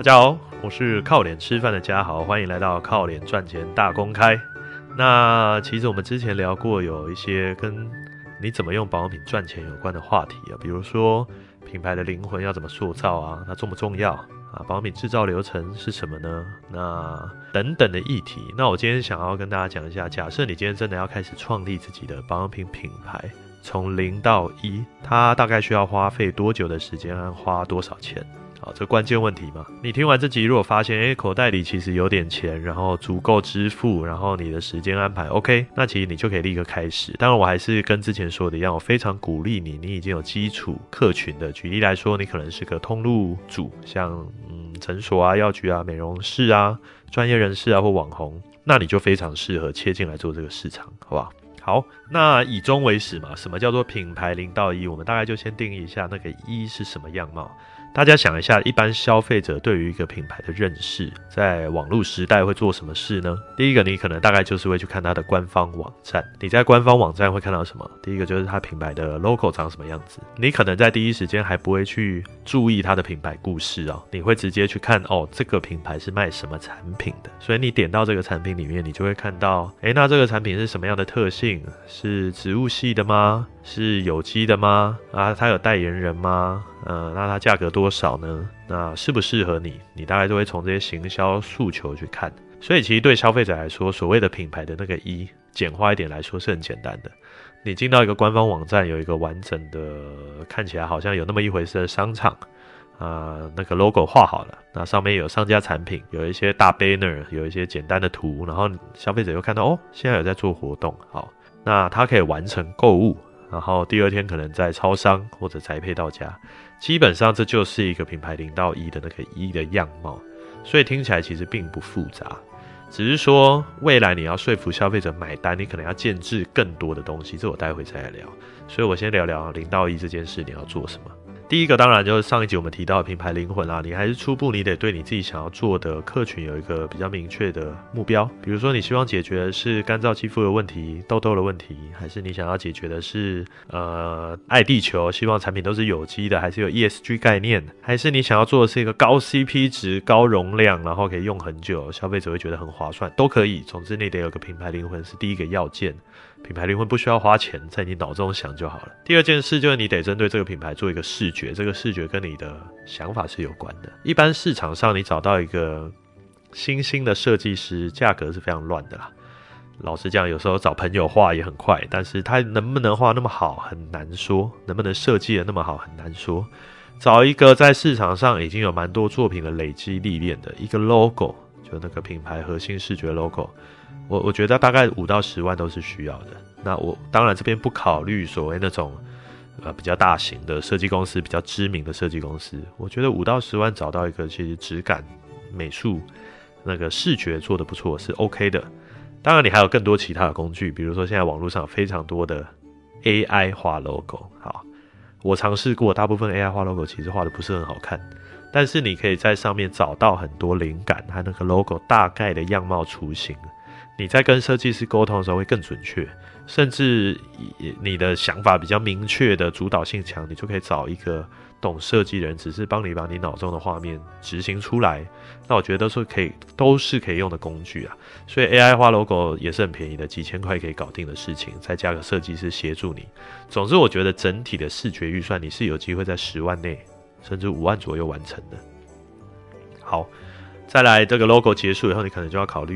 大家好，我是靠臉吃飯的嘉豪，歡迎來到靠臉賺錢大公開。那其實我們之前聊過有一些跟你怎麼用保養品賺錢有關的話題啊，比如說品牌的靈魂要怎麼塑造啊，那重不重要啊？保養品制造流程是什麼呢？那等等的議題。那我今天想要跟大家講一下，假設你今天真的要開始創立自己的保養品品牌，從零到一，它大概需要花費多久的時間，和花多少錢？好，這關鍵問題嘛。你聽完這集，如果發現，誒，口袋裡其實有點錢，然後足夠支付，然後你的時間安排 OK，那其實你就可以立刻開始。當然，我還是跟之前說的一樣，我非常鼓勵你，你已經有基礎客群的。舉例來說，你可能是個通路組，像，嗯，診所啊、藥局啊、美容室啊、專業人士啊或網紅，那你就非常適合切進來做這個市場，好吧，好？好，那以終為始嘛，什麼叫做品牌零到一？我們大概就先定義一下，那個一是什麼樣貌。大家想一下，一般消費者對於一個品牌的認識，在網絡時代會做什麼事呢？第一個，你可能大概就是會去看它的官方網站。你在官方網站會看到什麼？第一個就是它品牌的 logo 長什麼樣子。你可能在第一時間還不會去注意它的品牌故事哦，你會直接去看哦，這個品牌是賣什麼產品的？所以你點到這個產品裡面，你就會看到，誒，那這個產品是什麼樣的特性？是植物系的嗎？是有機的嗎？啊，它有代言人嗎？呃、嗯，那它價格多少呢？那適不適合你？你大概就會從這些行銷訴求去看。所以其實對消費者來說，所謂的品牌的那個一，簡化一點來說是很簡單的。你進到一個官方網站，有一個完整的，看起來好像有那麼一回事的商場，啊、嗯，那個 logo 畫好了，那上面有商家產品，有一些大 banner，有一些簡單的圖，然後消費者又看到哦，現在有在做活動，好，那他可以完成購物。然後第二天可能在超商或者，宅配到家，基本上這就是一個品牌零到一的那個一的樣貌，所以聽起來其實並不複雜，只是說未來你要說服消費者買單，你可能要建置更多的東西，這我待會再來聊。所以我先聊聊零到一這件事，你要做什麼？第一個當然就是上一集我們提到的品牌靈魂啦，你還是初步你得對你自己想要做的客群有一個比較明確的目標，比如說你希望解決的是乾燥肌膚的問題、痘痘的問題，還是你想要解決的是呃愛地球，希望產品都是有機的，還是有 ESG 概念，還是你想要做的是一個高 CP 值、高容量，然後可以用很久，消費者會覺得很划算，都可以。總之你得有個品牌靈魂，是第一個要件。品牌靈魂不需要花錢，在你腦中想就好了。第二件事就是你得針對這個品牌做一個視覺，這個視覺跟你的想法是有關的。一般市場上你找到一個新興的設計師，價格是非常亂的啦。老實講，有時候找朋友畫也很快，但是他能不能畫那麼好很難說，能不能設計得那麼好很難說。找一個在市場上已經有蠻多作品的累積歷練的一個 logo，就那個品牌核心視覺 logo。我我覺得大概五到十萬都是需要的。那我當然這邊不考慮所謂那種，呃，比較大型的設計公司，比較知名的設計公司。我覺得五到十萬找到一個其實質感、美術那個視覺做的不錯是 OK 的。當然你還有更多其他的工具，比如說現在網絡上有非常多的 AI 畫 logo。好，我嘗試過，大部分 AI 畫 logo 其實畫的不是很好看，但是你可以在上面找到很多靈感，它那個 logo 大概的樣貌雛形。你在跟設計師溝通的時候會更準確，甚至你的想法比較明確的主導性強，你就可以找一個懂設計的人，只是幫你把你腦中的畫面執行出來。那我覺得都是可以，都是可以用的工具啊。所以 AI 畫 logo 也是很便宜的，幾千塊可以搞定的事情，再加個設計師協助你。總之，我覺得整體的視覺預算你是有機會在十萬內，甚至五萬左右完成的。好。再來這個 logo 結束以後，你可能就要考慮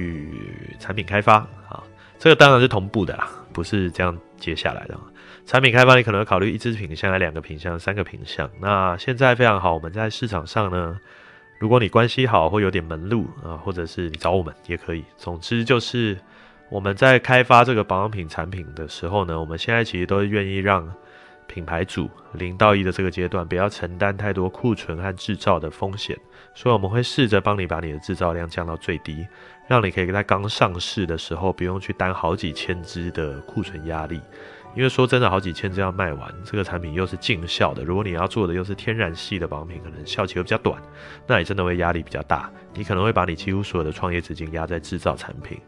產品開發啊，這個當然是同步的啦，不是這樣接下來的。產品開發你可能要考慮一支品項、來兩個品項、三個品項。那現在非常好，我們在市場上呢，如果你關係好或有點門路啊、呃，或者是你找我們也可以。總之就是我們在開發這個保養品產品的時候呢，我們現在其實都願意讓品牌主零到一的這個階段不要承擔太多庫存和制造的風險。所以我們會試着幫你把你的制造量降到最低，讓你可以在剛上市的時候不用去擔好幾千支的庫存壓力。因為說真的，好幾千支要賣完，這個產品又是盡效的。如果你要做的又是天然系的保養品，可能效期會比較短，那你真的會壓力比較大。你可能會把你幾乎所有的創業資金壓在制造產品。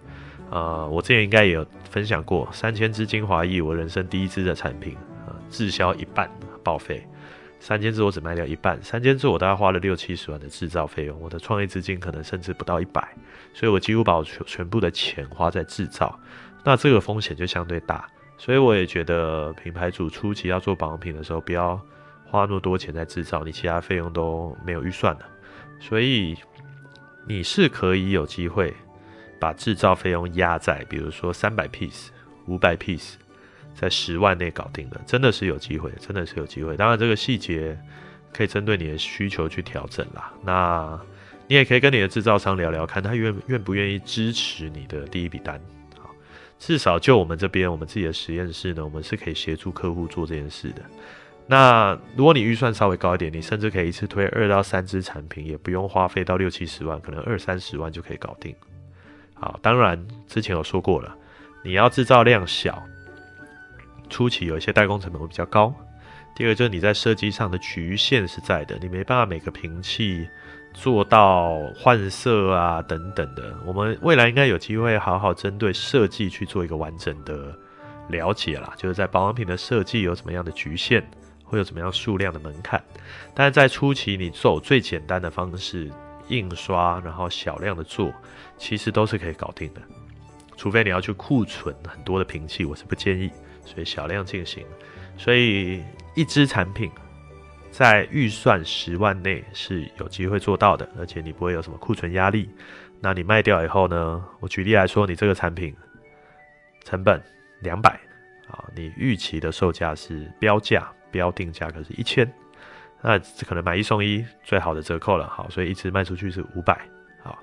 呃，我之前應該也有分享過，三千支精華液，我人生第一支的產品，呃，滯銷一半報廢。三千支我只賣掉一半，三千支我大概花了六七十萬的製造費用，我的創業資金可能甚至不到一百，所以我幾乎把我全全部的錢花在製造，那這個風險就相對大，所以我也覺得品牌主初期要做保養品的時候，不要花那麼多錢在製造，你其他費用都沒有預算的，所以你是可以有機會把製造費用壓在，比如說三百 piece、五百 piece。在十萬內搞定的，真的是有機會，真的是有機會。當然，這個細節可以針對你的需求去調整啦。那你也可以跟你的製造商聊聊看，他願願不願意支持你的第一筆單。好，至少就我們這邊，我們自己的實驗室呢，我們是可以協助客戶做這件事的。那如果你預算稍微高一點，你甚至可以一次推二到三支產品，也不用花費到六七十萬，可能二三十萬就可以搞定。好，當然之前有說過了，你要製造量小。初期有一些代工成本會比較高，第二就是你在設計上的局限是在的，你沒辦法每個瓶器做到換色啊等等的。我們未來應該有機會好好針對設計去做一個完整的了解啦，就是在保養品的設計有怎麼樣的局限，會有怎麼樣數量的門檻。但是在初期，你做最簡單的方式，印刷然後小量的做，其實都是可以搞定的，除非你要去庫存很多的瓶器，我是不建議。所以小量進行，所以一支產品在預算十萬內是有機會做到的，而且你不會有什麼庫存壓力。那你賣掉以後呢？我舉例來說，你這個產品成本兩百啊，你預期的售價是標價標定價格是一千，那可能買一送一最好的折扣了。好，所以一支賣出去是五百啊。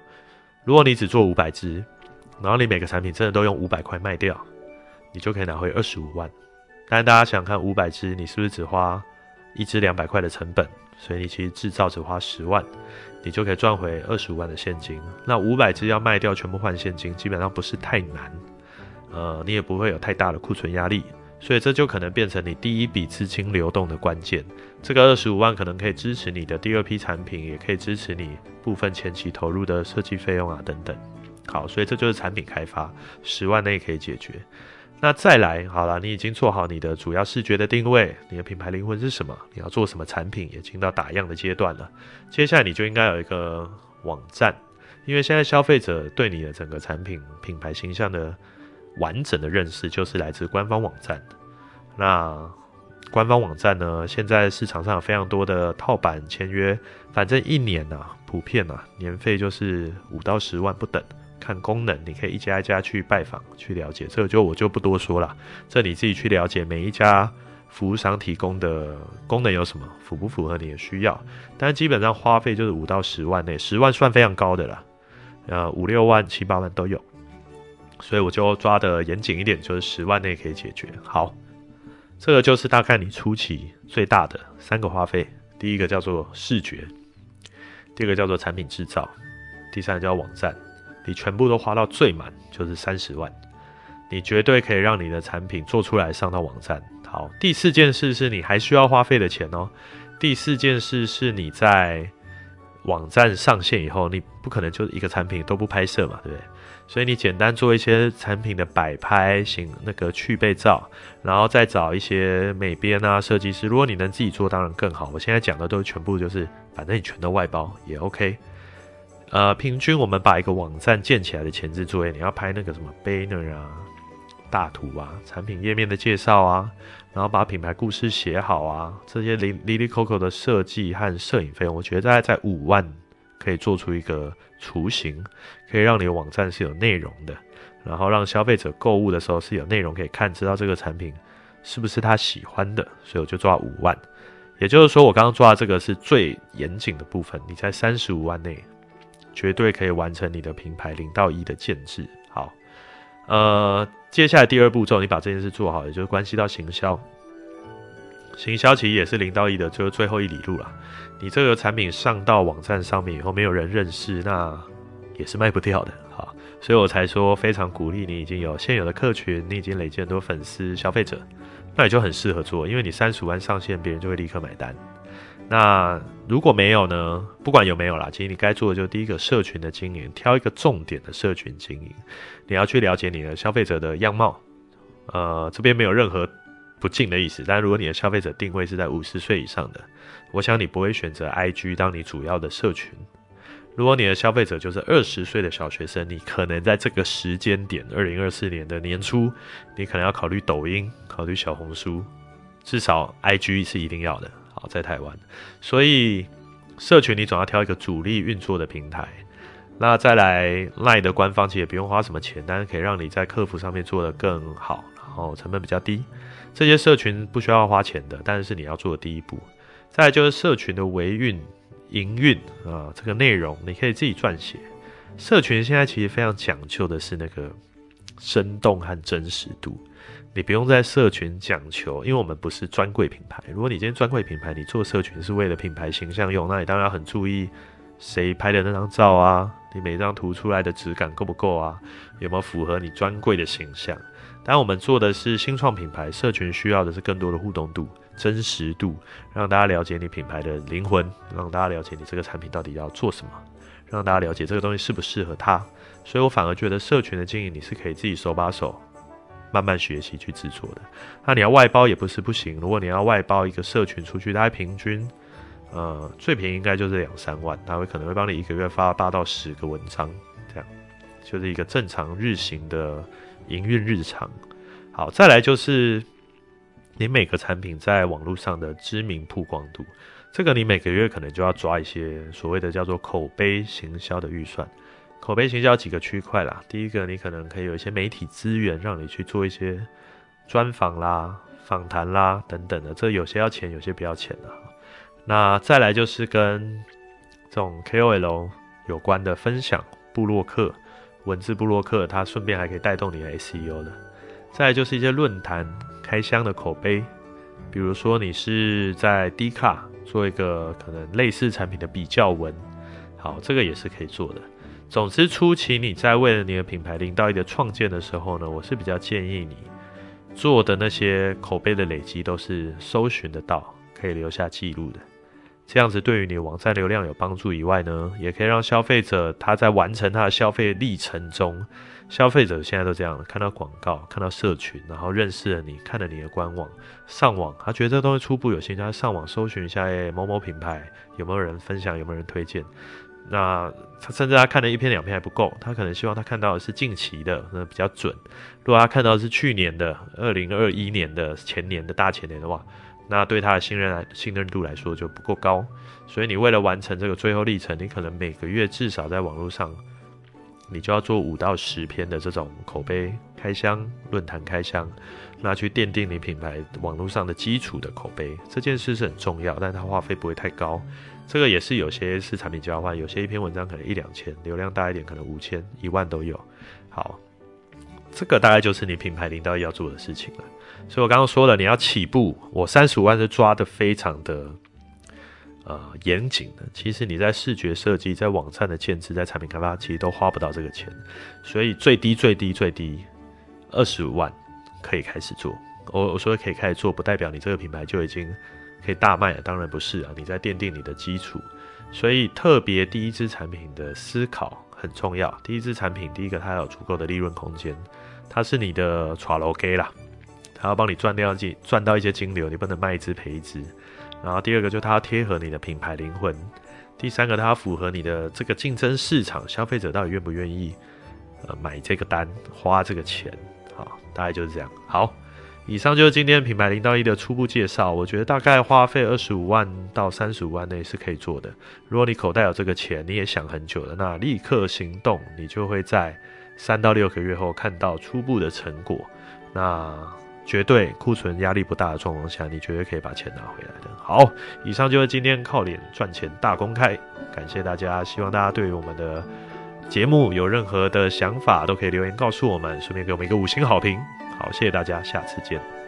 如果你只做五百支，然後你每個產品真的都用五百塊賣掉。你就可以拿回二十五萬，但大家想想看，五百只你是不是只花一只兩百塊的成本？所以你其實制造只花十萬，你就可以賺回二十五萬的現金。那五百只要賣掉全部換現金，基本上不是太難，呃，你也不會有太大的庫存壓力。所以這就可能變成你第一筆資金流動的關鍵。這個二十五萬可能可以支持你的第二批產品，也可以支持你部分前期投入的設計費用啊等等。好，所以這就是產品開發，十萬內可以解決。那再來好了，你已經做好你的主要視覺的定位，你的品牌靈魂是什麼？你要做什麼產品已經到打樣的階段了。接下來你就應該有一個網站，因為現在消費者對你的整個產品品牌形象的完整的認識就是來自官方網站。那官方網站呢？現在市場上有非常多的套版簽約，反正一年呢、啊，普遍啊，年費就是五到十萬不等。看功能，你可以一家一家去拜訪去了解，這個就我就不多說了，這你自己去了解每一家服務商提供的功能有什麼，符不符合你的需要。但是基本上花費就是五到十萬內，十萬算非常高的了，呃五六萬七八萬都有，所以我就抓得嚴謹一點，就是十萬內可以解決。好，這個就是大概你初期最大的三個花費，第一個叫做視覺，第二個叫做產品製造，第三個叫網站。你全部都花到最滿，就是三十萬，你絕對可以讓你的產品做出來上到網站。好，第四件事是你還需要花費的錢哦。第四件事是你在網站上線以後，你不可能就一個產品都不拍攝嘛，對不對？所以你簡單做一些產品的擺拍型那個去背照，然後再找一些美編啊、設計師。如果你能自己做，當然更好。我現在講的都全部就是，反正你全都外包也 OK。呃，平均我們把一個網站建起來的前置作業，你要拍那個什麼 banner 啊、大圖啊、產品頁面的介紹啊，然後把品牌故事寫好啊，這些零零零 coco 的設計和攝影費，我覺得大概在五萬可以做出一個雛形，可以讓你的網站是有內容的，然後讓消費者購物的時候是有內容可以看，知道這個產品是不是他喜歡的，所以我就抓五萬。也就是說，我剛剛抓的這個是最嚴謹的部分，你在三十五萬內。絕對可以完成你的品牌零到一的建制。好，呃，接下來第二步驟，你把這件事做好，也就是關係到行銷。行銷其實也是零到一的，就是最後一里路了。你這個產品上到網站上面以後，沒有人認識，那也是賣不掉的。好，所以我才說非常鼓勵你，已經有現有的客群，你已經累積很多粉絲、消費者，那也就很適合做，因為你三十萬上線，別人就會立刻買單。那如果沒有呢？不管有沒有啦，其實你該做的就第一個社群的經營，挑一個重點的社群經營，你要去了解你的消費者的樣貌。呃，這邊沒有任何不敬的意思。但如果你的消費者定位是在五十歲以上的，我想你不會選擇 IG 當你主要的社群。如果你的消費者就是二十歲的小學生，你可能在這個時間點，二零二四年的年初，你可能要考慮抖音，考慮小紅書，至少 IG 是一定要的。在台灣，所以社群你總要挑一個主力運作的平台，那再來，LINE 的官方其實也不用花什麼錢，但是可以讓你在客服上面做得更好，然後成本比較低。這些社群不需要花錢的，但是你要做的第一步，再來就是社群的維運營運啊，這個內容你可以自己撰寫。社群現在其實非常講究的是那個。生動和真實度，你不用在社群講求，因為我們不是專櫃品牌。如果你今天專櫃品牌，你做社群是為了品牌形象用，那你當然要很注意誰拍的那張照啊，你每張圖出來的質感夠不夠啊，有沒有符合你專櫃的形象？當然，我們做的是新創品牌，社群需要的是更多的互動度、真實度，讓大家了解你品牌的靈魂，讓大家了解你這個產品到底要做什麼。讓大家了解這個東西適不適合他，所以我反而覺得社群的經營，你是可以自己手把手慢慢學習去制作的。那你要外包也不是不行，如果你要外包一個社群出去，它平均呃最便宜應該就是兩三萬，他會可能會幫你一個月發八到十個文章，這樣就是一個正常日行的營運日常。好，再來就是你每個產品在網絡上的知名曝光度。這個你每個月可能就要抓一些所謂的叫做口碑行銷的預算。口碑行銷有幾個區塊啦，第一個你可能可以有一些媒體資源，讓你去做一些專訪啦、訪談啦等等的，這有些要錢，有些不要錢的。那再來就是跟這種 KOL 有關的分享、部落客、文字部落客，它順便還可以帶動你的 SEO 的。再來就是一些論壇開箱的口碑，比如說你是在 D 卡，做一個可能類似產品的比較文，好，這個也是可以做的。總之，初期你在為了你的品牌零到一的創建的時候呢，我是比較建議你做的那些口碑的累積都是搜尋得到，可以留下記錄的。這樣子對於你的網站流量有幫助以外呢，也可以讓消費者他在完成他的消費歷程中，消費者現在都這樣了，看到廣告，看到社群，然後認識了你，看了你的官網，上網，他覺得這東西初步有信心，他上網搜尋一下、欸、某某品牌有沒有人分享，有沒有人推薦。那他甚至他看了一篇兩篇還不夠，他可能希望他看到的是近期的，那比較準。如果他看到的是去年的、二零二一年的、前年的大前年的話，那對他的信任信任度來說就不夠高。所以你為了完成這個最後歷程，你可能每個月至少在網絡上，你就要做五到十篇的這種口碑開箱、論壇開箱，那去奠定你品牌網絡上的基礎的口碑，這件事是很重要，但它花費不會太高。這個也是有些是產品交換，有些一篇文章可能一兩千，流量大一點可能五千、一萬都有。好，這個大概就是你品牌零到一要做的事情了。所以我剛剛說了，你要起步，我三十五萬是抓的非常的，呃，嚴謹的，其實你在視覺設計、在網站的建製，在產品開發，其實都花不到這個錢，所以最低最低最低二十五萬可以開始做。我我說可以開始做，不代表你這個品牌就已經可以大賣了，當然不是啊，你在奠定你的基礎。所以特別第一支產品的思考很重要，第一支產品，第一個它要有足夠的利潤空間，它是你的抓牢 key 啦，它要幫你賺掉賺到一些金流，你不能賣一支賠一支。然後第二個就是它要貼合你的品牌靈魂，第三個它符合你的這個競爭市場，消費者到底願不願意呃買這個單，花這個錢。好，大概就是這樣。好，以上就是今天品牌零到一的初步介紹。我覺得大概花費二十五萬到三十五萬內是可以做的。如果你口袋有這個錢，你也想很久了，那立刻行動，你就會在三到六個月後看到初步的成果。那絕對庫存壓力不大的狀況下，你絕對可以把錢拿回來的。好，以上就是今天靠臉賺錢大公開，感謝大家，希望大家對於我們的節目有任何的想法都可以留言告訴我們，順便給我們一個五星好評。好，謝謝大家，下次見。